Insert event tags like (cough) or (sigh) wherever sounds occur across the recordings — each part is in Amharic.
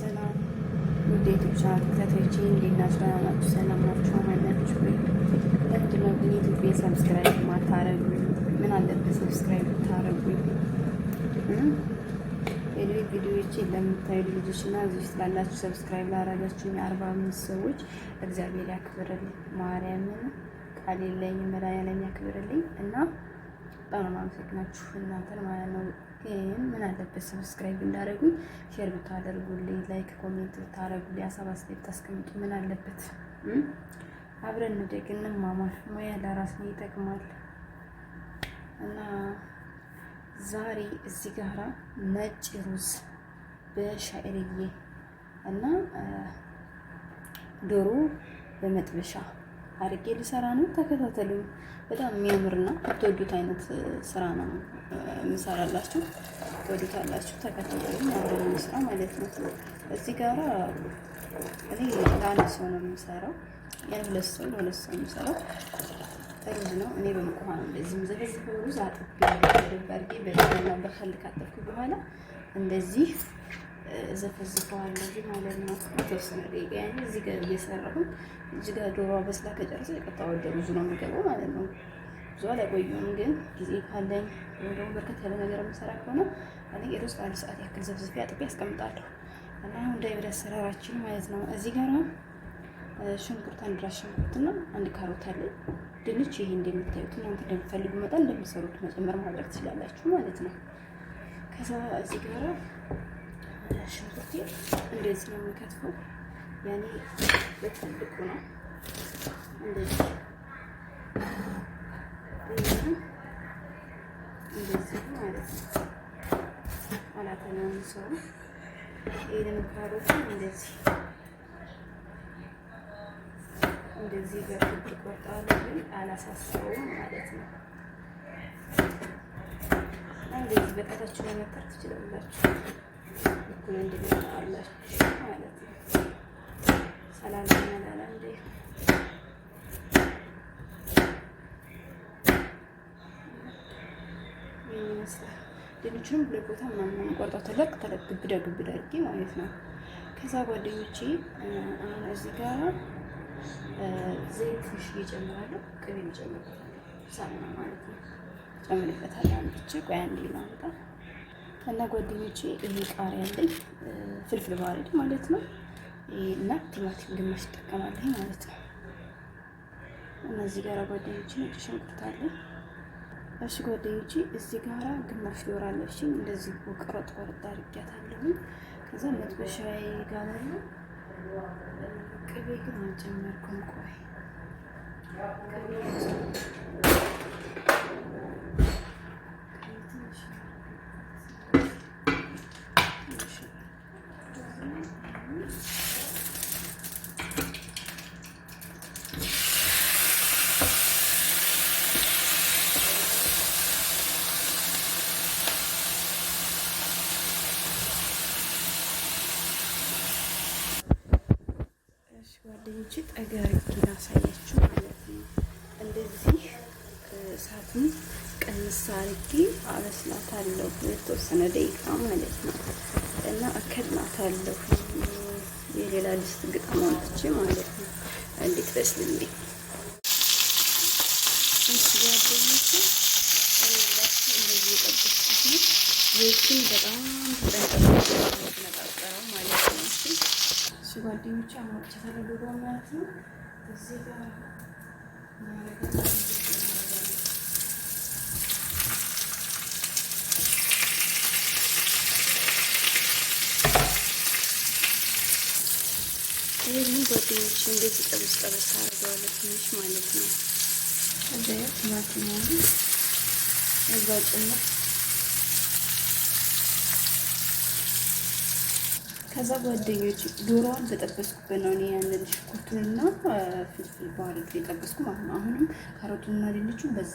ሰላም ውዴቶች ተከታታዮች እንዴት ናችሁ? ደህና ናችሁ? ሰላም ናችሁ? አማናችሁ ወይ? ለምንድነው ግን ዩቲዩብ ሰብስክራይብ ማታረጉ? ምን አለበት ሰብስክራይብ ታረጉ? የድሬ ቪዲዮዎቼ ለምታዩ ልጆች እና እዚህ ውስጥ ላላችሁ ሰብስክራይብ ላረጋችሁ የአርባ አምስት ሰዎች እግዚአብሔር ያክብርልኝ። ማርያምን ቃል የለኝም መድኃኒዓለም ያክብርልኝ እና በጣም ነው የማመሰግናችሁ እናንተን ማለት ነው ግን ምን አለበት ሰብስክራይብ እንዳደረጉኝ ሼር ብታደርጉልኝ፣ ላይክ ኮሜንት ብታደርጉልኝ፣ ሀሳብ አስተያየት ታስቀምጡ። ምን አለበት አብረን እንደግ እንማማር። ሙያ ለራስ ነው ይጠቅማል። እና ዛሬ እዚህ ጋራ ነጭ ሩዝ በሻዕርዬ እና ዶሮ በመጥበሻ አድርጌ ልሰራ ነው። ተከታተሉ። በጣም የሚያምርና የምትወዱት አይነት ስራ ነው የምሰራላችሁ። ትወዱታላችሁ። ተከታተሉ። አብረን ስራ ማለት ነው። እዚህ ጋራ እኔ ለአንድ ሰው ነው የምሰራው። ያን ሁለት ሰው ለሁለት ሰው የምሰራው ሩዝ ነው። እኔ በምቆሃ ነው እንደዚህ የምዘፈዝፈው። ሩዝ አጥቤ ደባርጌ በደና በከል ካጠፍኩ በኋላ እንደዚህ ዘፈዝፈዋለሁ ማለት ነው። የተወሰነ ደቂቃ ያኔ እዚህ ጋር እየሰራሁኝ እዚህ ጋር ዶሮ በስላ ከጨርሰ የቀጣ ወደ ብዙ ነው የሚገባው ማለት ነው። ብዙ አላቆየሁም፣ ግን ጊዜ ካለኝ ወይም ደግሞ በርከት ያለ ነገር የምሰራ ከሆነ አንዴ ሮስ አንድ ሰዓት ያክል ዘፍዝፌ አጥቤ አስቀምጣለሁ እና አሁን እንዳይበላ አሰራራችን ማለት ነው። እዚህ ጋር ሽንኩርት አንድ ራስ ሽንኩርትና አንድ ካሮት አለ። ድንች ይሄ እንደምታዩት እናንተ እንደምትፈልጉ መጠን እንደምትሰሩት መጨመር ማድረግ ትችላላችሁ ማለት ነው። ከዛ እዚህ ጋር ሽንኩርቴ እንደዚህ ነው የሚከትፈው። ያኔ በትልቁ ነው እንደዚህ እንደዚህ ማለት ነው። አላተናውን ሰው ይህንን ካሮቱን እንደዚህ እንደዚህ በክብ ቆርጠዋለሁ፣ ግን አላሳሰውም ማለት ነው። እንደዚህ በጣታችሁ መመከር ትችላላችሁ። ድንቹንም ሁለት ቦታ ምናምን ቆርጠው ተለቅ ተለቅ ግብዳ ግብዳ አድርጌ ማለት ነው። ከዛ ጓደኞቼ አሁን እዚህ ጋር ዘይት ትንሽ እየጨምራለሁ፣ ቅቤ እጨምርበታለሁ፣ ሳሙና ማለት ነው ጨምርበታለሁ። አንድቼ ቆይ አንዴ ማምጣት እና ጓደኞቼ ይሄ ቃሪያ አለኝ ፍልፍል ባሪድ ማለት ነው እና ቲማቲም ግማሽ ይጠቀማለኝ ማለት ነው። እነዚህ ጋራ ጓደኞቼ ነጭ ሽንኩርት አለ። እሺ ጓደኞቼ እዚህ ጋራ ግማሽ ዶር አለችኝ። እንደዚህ ቆረጥ ቆረጥ አድርጊያታለሁኝ። ከዛ መጥበሻዬ ጋር ቅቤ ግን አልጨመርኩም። ቆይ ቅቤ ጠገርጌን አሳያችሁ ማለት ነው። እንደዚህ እሳቱን ቀንስ አድርጌ አበስላታለሁ የተወሰነ ደቂቃ ማለት ነው እና እከድናታለሁ የሌላ ድስት ግጣም አውጥቼ ማለት ነው። እንዴት በስልልኝ እንደዚህ የጠበስኩት ነው። ዘይቱን በጣም ጠንቀ ጓደኞች አማርጭ ተደርጎ ማለት ነው። እዚህ ጋር ማረግ ይህም ጓደኞች እንደዚህ ጠበስ ጠበስ አድርገዋለሁ ትንሽ ማለት ነው። እዛ ቲማቲም ያጋጭነት ከዛ ጓደኞች ዶሮዋን በጠበስኩበት ነው እኔ ያንን ሽንኩርቱንና ፍልፍል ባሪክ የጠበስኩ ማለት ነው። አሁንም ካሮቱንና ድንቹን በዛ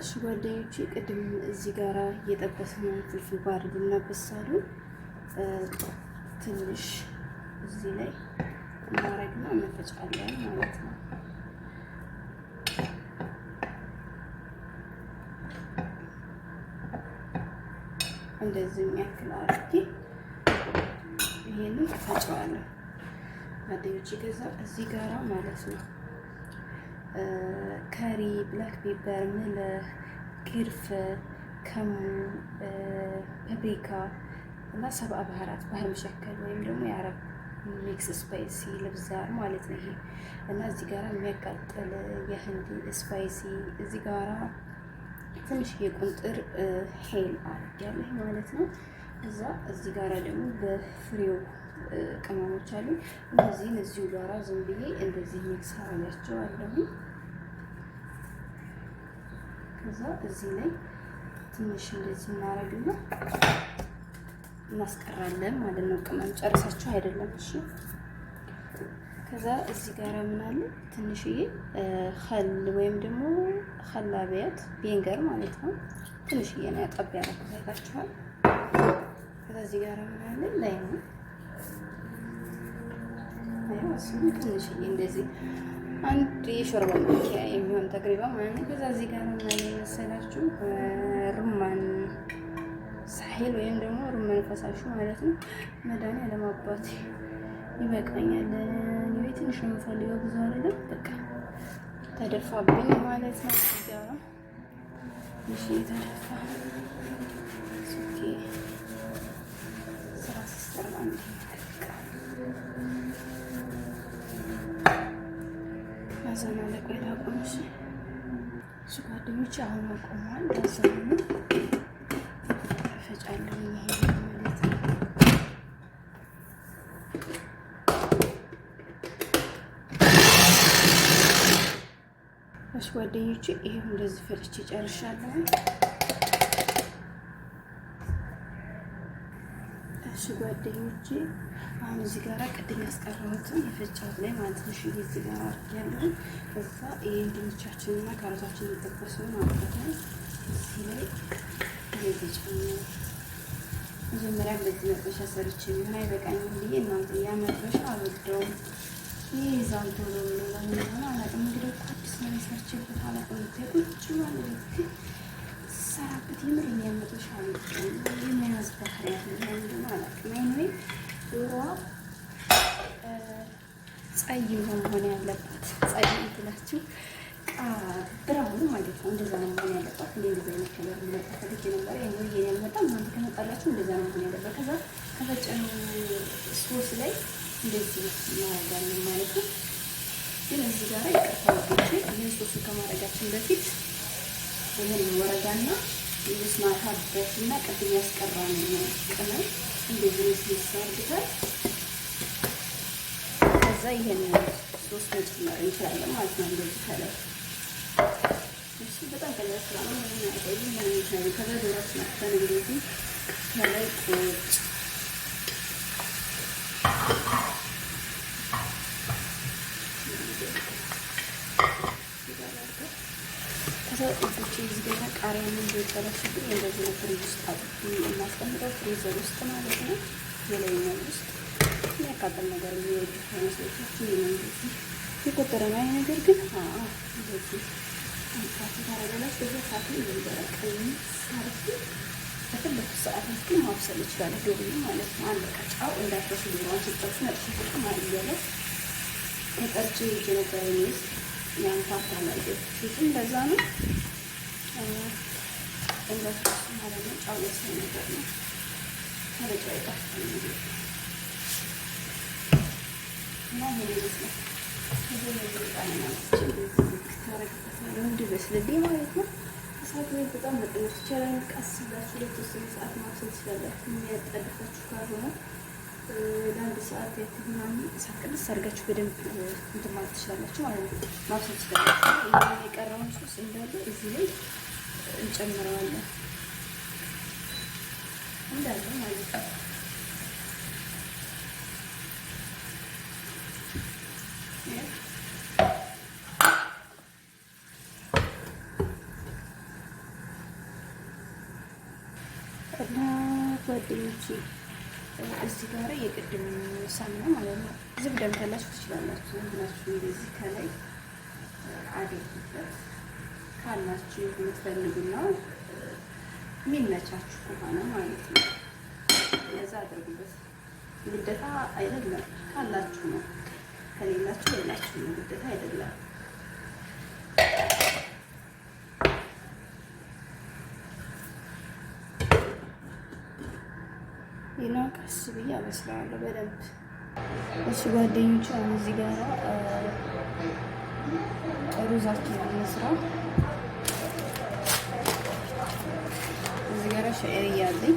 እሺ ጓደኞች ቅድም እዚህ ጋራ እየጠበስነው ፍልፍል ባሪክ እናበሳሉ። ትንሽ እዚህ ላይ እናረግና እንፈጫለን ማለት ነው። እንደዚህ የሚያክል አድርጌ ይሄንን ፈጨዋለሁ። ጓደኞች ገዛ እዚህ ጋራ ማለት ነው ከሪ፣ ብላክ ፔፐር፣ ምልህ፣ ግርፍ፣ ከሙን፣ ፐብሪካ እና ሰብአ ባህራት ባህር መሸከል ወይም ደግሞ የአረብ ሚክስ ስፓይሲ ልብዛር ማለት ነው ይሄ እና እዚህ ጋራ የሚያቃጥል የህንድ ስፓይሲ እዚህ ጋራ ትንሽ ቁንጥር ሄል አድርጊያለሁ ማለት ነው። እዛ እዚህ ጋራ ደግሞ በፍሬው ቅመሞች አሉ። እነዚህን እዚሁ ጋራ ዝም ብዬ እንደዚህ ሚክስ አደርጋቸዋለሁ። ከዛ እዚህ ላይ ትንሽ እንደዚህ እናደርግና እናስቀራለን ማለት ነው። ቅመም ጨርሳችሁ አይደለም እሺ ከዛ እዚህ ጋር ምን አለ ትንሽዬ ኸል ወይም ደግሞ ኸላቢያት ቤንገር ማለት ነው። ትንሽዬ ነው ያጠብ ያደረኩት ከዛ እዚህ ጋር ምን አለ ላይ ነው እሱም ትንሽዬ እንደዚህ አንድ የሾርባ ማንኪያ የሚሆን ተግሪባ ማለት ነው። ከዛ እዚህ ጋር ምን አለ መሰላችሁ ሩማን ሳሂል ወይም ደግሞ ሩማን ፈሳሹ ማለት ነው። መዳን ያለማባት ይበቃኛል። ትንሽ የምፈልገው ብዙ አይደለም። በቃ ተደፋብኝ ማለት ነው። እዚያ ትንሽ ተደፋ ሱኬ ስራ ጓደኞች አሁን አቆመዋል ዳዛሆኑ ጓደኞቹ ይሄው እንደዚህ ፈልቼ ጨርሻለሁ። እሺ ጓደኞቼ፣ አሁን እዚህ ጋራ ቅድም ያስቀረሁትን የፈጫሁት ላይ ማለት ነው። ሽ እዚህ ጋራ አድርጌያለሁ። እዛ ይሄን ድንቻችንና ካሮታችን የጠበሰው ማለት ነው እዚህ ላይ እየተጨመረ መጀመሪያ በዚህ መጥበሻ ሰርቼ ቢሆን አይበቃኝም ብዬ እናንተ ያ መጥበሻ አልወደውም። ይህ ዛንቶ ነው ለምን ሆነ አዲስ መለሳችን በኋላ ቆይታ ቁጭ ማለት ሰራበት የምር የሚያመጥሻ የመያዝ ባህር ያለ ማለት ነው። ዶሮዋ ጸይም ነው መሆን ያለባት። ጸይም ትላችሁ ብራውን ማለት ነው። እንደዛ ነው መሆን ያለባት። እንደዚህ አይነት ነገር ሊመጣ ፈልጌ ነበር። ይሄ ያልመጣ እናንተ ከመጣላችሁ እንደዛ ነው መሆን ያለባት። ከዛ ከፈጨነው ሶስ ላይ እንደዚህ እናደርጋለን ማለት ነው። ግን እዚህ ጋር ይቅርታ ውዶቼ፣ ይህን ሶስን ከማድረጋችን በፊት ይህን ወረዳና የመስማር ሀበትና ቅድም ያስቀራነው ቅመም እንደዚህ ምስል ከዛ ይሄን ሶስት መጨመር እንችላለን ማለት ነው። እንደዚህ ከላይ እሺ፣ በጣም ቀላል ስራ ነው። ምንም አይደለም። ምንም አይደለም። ከዛ ዶሮችን አጥተን እንደዚህ ከላይ ቁጭ ከዛ ጥብሶች ዝገዛ ቃሪያን እንደበላሽብኝ እንደዚህ ፍሪጅ ውስጥ አጥቢ የማስቀምጠው ፍሪዘር ውስጥ ማለት ነው። የላይኛው ውስጥ የሚያቃጠል ነገር የሚወዱ አይመስለቶች እንደዚህ የቆጠረ ናይ ነገር ግን እንደዚህ አንፋቱ ታረገላች። በዛ ሰዓት የሚበራ ሳርፊ በፈለኩ ሰዓት ግን ማብሰል ይችላለ። ዶሮ ማለት ነው። አንድ ቀጫው እንዳትረሱ ዶሮዋን ስጠብሱ ነጭ ሽፍቅ ማእያለ ከጠርጭ ይጀነጋሪ ውስጥ ያንኳኳ ነው። ፊትም እንደዛ ነው። እንደሱ ማለት ነው። ጫው የሰው ነገር ነው። መረጫ ይጣፍታል እንግዲህ እና ማለት ነው። እሳት ላይ በጣም መቀነስ ይቻላል። ቀስ ብላችሁ ለተወሰነ ሰዓት ማብሰል ትችላላችሁ። የሚያጣድፋችሁ ካልሆነ ለአንድ ሰዓት ያክል ምናምን እሳት አድርጋችሁ በደንብ እንትን ማለት ትችላላችሁ ማለት ነው። ማብሰል ትችላላችሁ። የቀረውን ሶስ እንዳለ እዚህ ላይ እንጨምረዋለን እንዳለ ማለት ነው። የቅድም ሳምና ማለት ነው። እዚህ ብደምተላችሁ ትችላላችሁ። ምክንያቱም እንደዚህ ከላይ አድርጉበት ካላችሁ የምትፈልጉና የሚመቻችሁ ከሆነ ማለት ነው። ለዛ አድርጉበት። ግደታ አይደለም ካላችሁ ነው፣ ከሌላችሁ የላችሁ ነው። ግደታ አይደለም። እና ቀስ ብዬ አበስለዋለሁ በደንብ። እሱ ጓደኞች አሁን እዚህ ጋር ሩዛችን እንስራ። እዚህ ጋር ሻዕር እያለኝ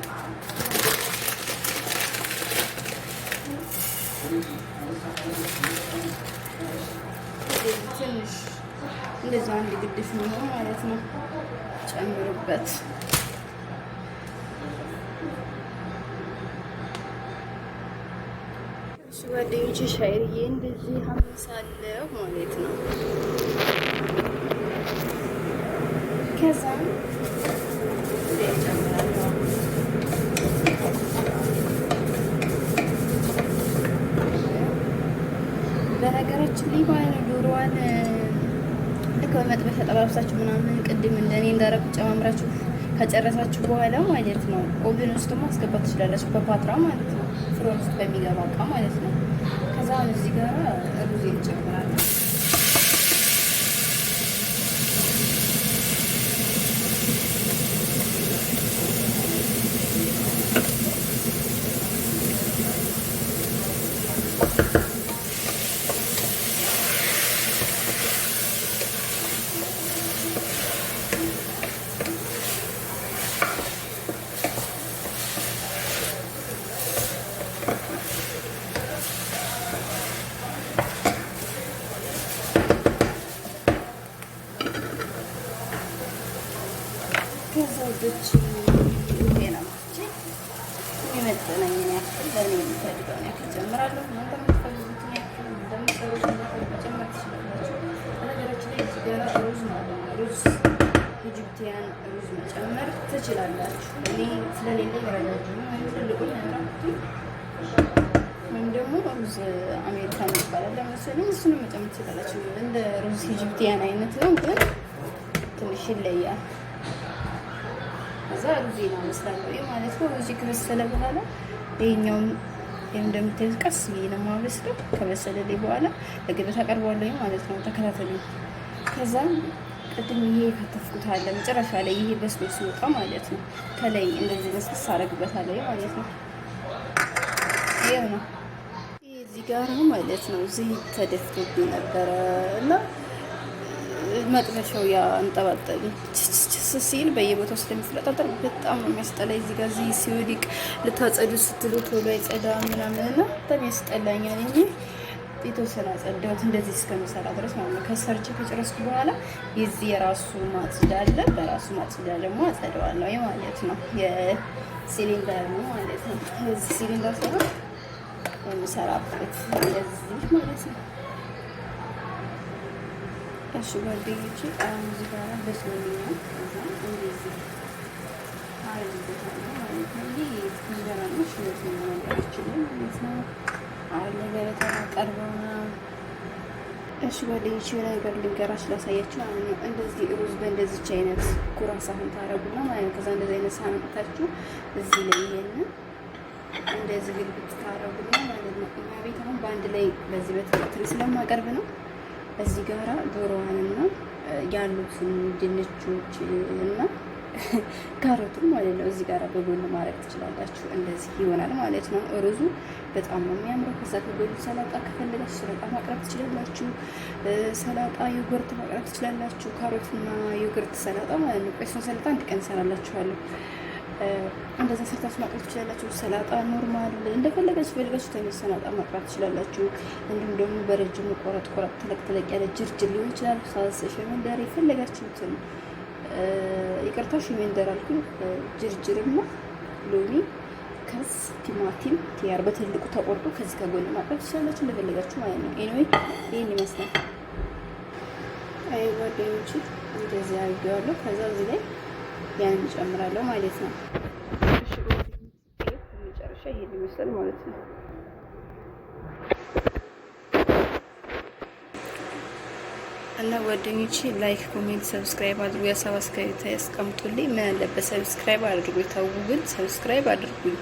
ትንሽ እንደዛ አንድ ግድፍ ነው ማለት ነው ጨምርበት እሱ ጓደኞች ሻይርዬ እንደዚህ አመሳለሁ ማለት ነው። ከዛ በነገራችን ላይ ማለት ነው ዶሮዋን ልክ በመጥበሻ ጠባብሳችሁ ምናምን ቅድም እንደኔ እንዳረጉ ጨማምራችሁ ከጨረሳችሁ በኋላ ማለት ነው ኦቨን ውስጥ ደግሞ ትችላላችሁ በፓትራ ማለት ነው። ፍሮን ውስጥ በሚገባ እቃ ማለት ነው። ከዛ እዚህ ጋር ሩዝ ይጨምራል። መጨመር ትችላላችሁ። እኔ ስለሌለኝ ረጃጅም ወይም ትልቁኝ ያራኩትኝ ወይም ደግሞ ሩዝ አሜሪካ ይባላል ለመሰለ እሱን መጨመር ትችላላችሁ። እንደ ሩዝ ኢጅፕቲያን አይነት ነው፣ ግን ትንሽ ይለያል። ከዛ ሩዜ ነው መስላለሁ ማለት ነው። ሩዝ ከበሰለ በኋላ ይህኛውም ይሄም እንደምታዩት ቀስ ብዬ ነው የማበስለው። ከበሰለ ላይ በኋላ ለገበታ አቀርባለሁ ማለት ነው። ተከታተሉ ከዛ ቅድም ይሄ የከተፍኩት አለ መጨረሻ ላይ ይሄ በስሎ ሲወጣ ማለት ነው። ከላይ እንደዚህ በስብስ አደርግበታለሁ ማለት ነው። ይሄው ነው እዚህ ጋር ማለት ነው። እዚህ ተደፍቶብኝ ነበረ እና መጥበሻው ያ አንጠባጠብ ሲል በየቦታው ስለሚፍለጣጠር በጣም ነው የሚያስጠላኝ። እዚህ ጋር እዚህ ሲወድቅ ልታጸዱ ስትሉ ቶሎ አይጸዳም ምናምን እና በጣም ያስጠላኛል እንጂ የተወሰነ አጸዳሁት። እንደዚህ እስከምሰራ ድረስ ማለት ነው። ከሰርቼ ከጨረስኩ በኋላ የዚህ የራሱ ማጽጃ አለ። በራሱ ማጽጃ ደግሞ አጸደዋለሁ ማለት ነው። የሲሊንደር ነው ማለት ነው። የዚህ ሲሊንደር ሲሆን የምሰራበት እንደዚህ ማለት ነው። እሺ ጓደኞች፣ አሁን እዚህ ጋር በሶልኛ እንደዚህ አሪፍ ቦታ ነው ማለት ነው። ይህ ብዙ ገና ነው ሽሎት ይችላል ማለት ነው። አለ ገበታ ቀርበው እሺ ማለት ነው። እንደዚህ ሩዝ በእንደዚች አይነት ኩራ ሳህን ታረጉና ማለት ነው። ከዛ እንደዚህ አይነት ሳህን እዚህ ላይ እንደዚህ ማለት ነው። እኛ ቤት አሁን በአንድ ላይ በዚህ በትሪ ስለማቀርብ ነው። እዚህ ጋራ ዶሮዋንና ያሉትን ድንቾች እና (laughs) ካሮቱን ማለት ነው። እዚህ ጋር በጎን ማድረግ ትችላላችሁ። እንደዚህ ይሆናል ማለት ነው። ሩዙ በጣም ነው የሚያምረው። ከዛ ከጎኑ ሰላጣ ከፈለጋችሁ ሰላጣ ማቅረብ ትችላላችሁ። ሰላጣ ዮጉርት ማቅረብ ትችላላችሁ። ካሮትና ዮጉርት ሰላጣ ማለት ነው። ቆይሱን ሰላጣ አንድ ቀን ሰራላችኋለሁ። እንደዛ ሰርታችሁ ማቅረብ ትችላላችሁ። ሰላጣ ኖርማል እንደፈለጋችሁ ፈልጋችሁ ተነስ ሰላጣ ማቅረብ ትችላላችሁ። እንዲሁም ደግሞ በረጅሙ ቆረጥ ቆረጥ ተለቅ ተለቅ ያለ ጅርጅር ሊሆን ይችላል። ሳስ ሸመንደር የፈለጋችሁትን ይቅርታ ሽሜንደር አልኩኝ። ጅርጅርና ሎሚ ከስ ቲማቲም ቲያር በትልቁ ተቆርጦ ከዚህ ከጎን ማቅረብ ትችላላችሁ እንደፈለጋችሁ ማለት ነው። ኤኒዌይ ይህን ይመስላል። አይ ጓደኞች እንደዚህ አድርጌዋለሁ። ከዛ እዚህ ላይ ያንን እጨምራለሁ ማለት ነው። መጨረሻ ይሄን ይመስላል ማለት ነው። እና ጓደኞቼ ላይክ፣ ኮሜንት፣ ሰብስክራይብ አድርጉ። ያሳብ አስከሪታ ያስቀምጡልኝ። ምን አለበት ሰብስክራይብ አድርጉ። ተው ግን ሰብስክራይብ አድርጉኝ።